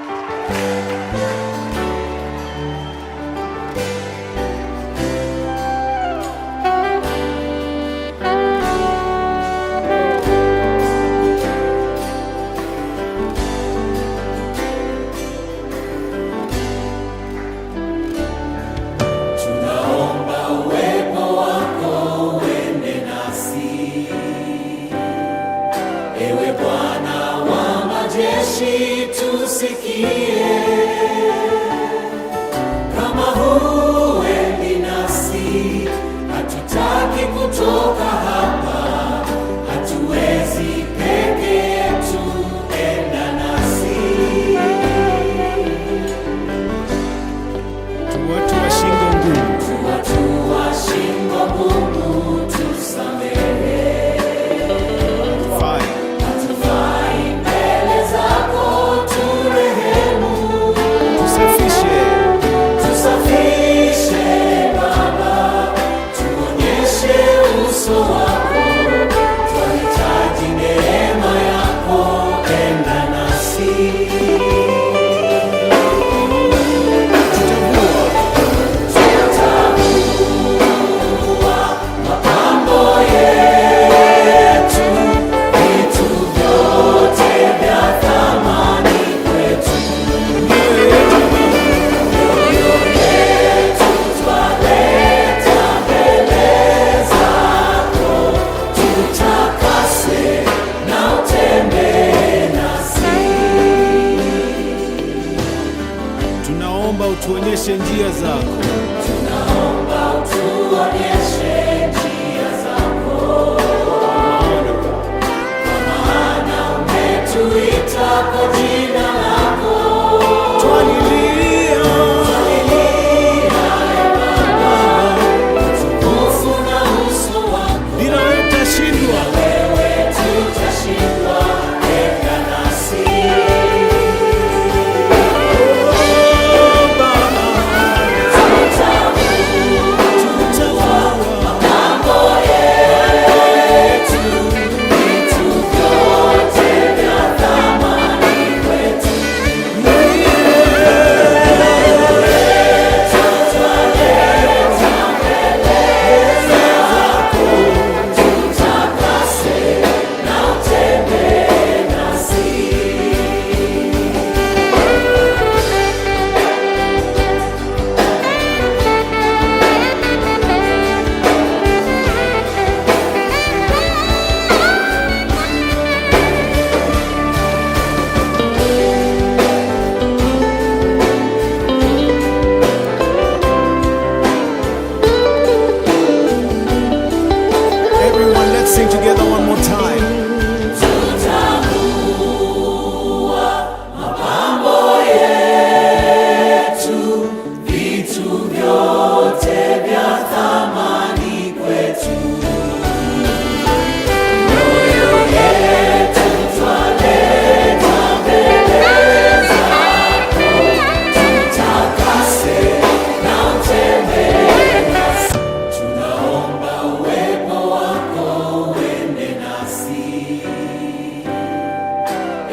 Thank you.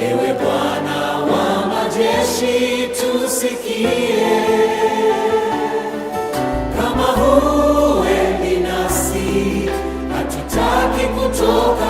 Ewe Bwana wa majeshi, tusikie kama huwe binafsi, hatutaki kutoka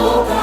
Oh,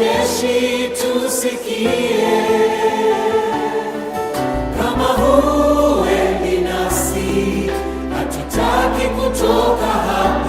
majeshi tusikie, kama huwe nasi hatutaki kutoka hapa.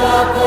stop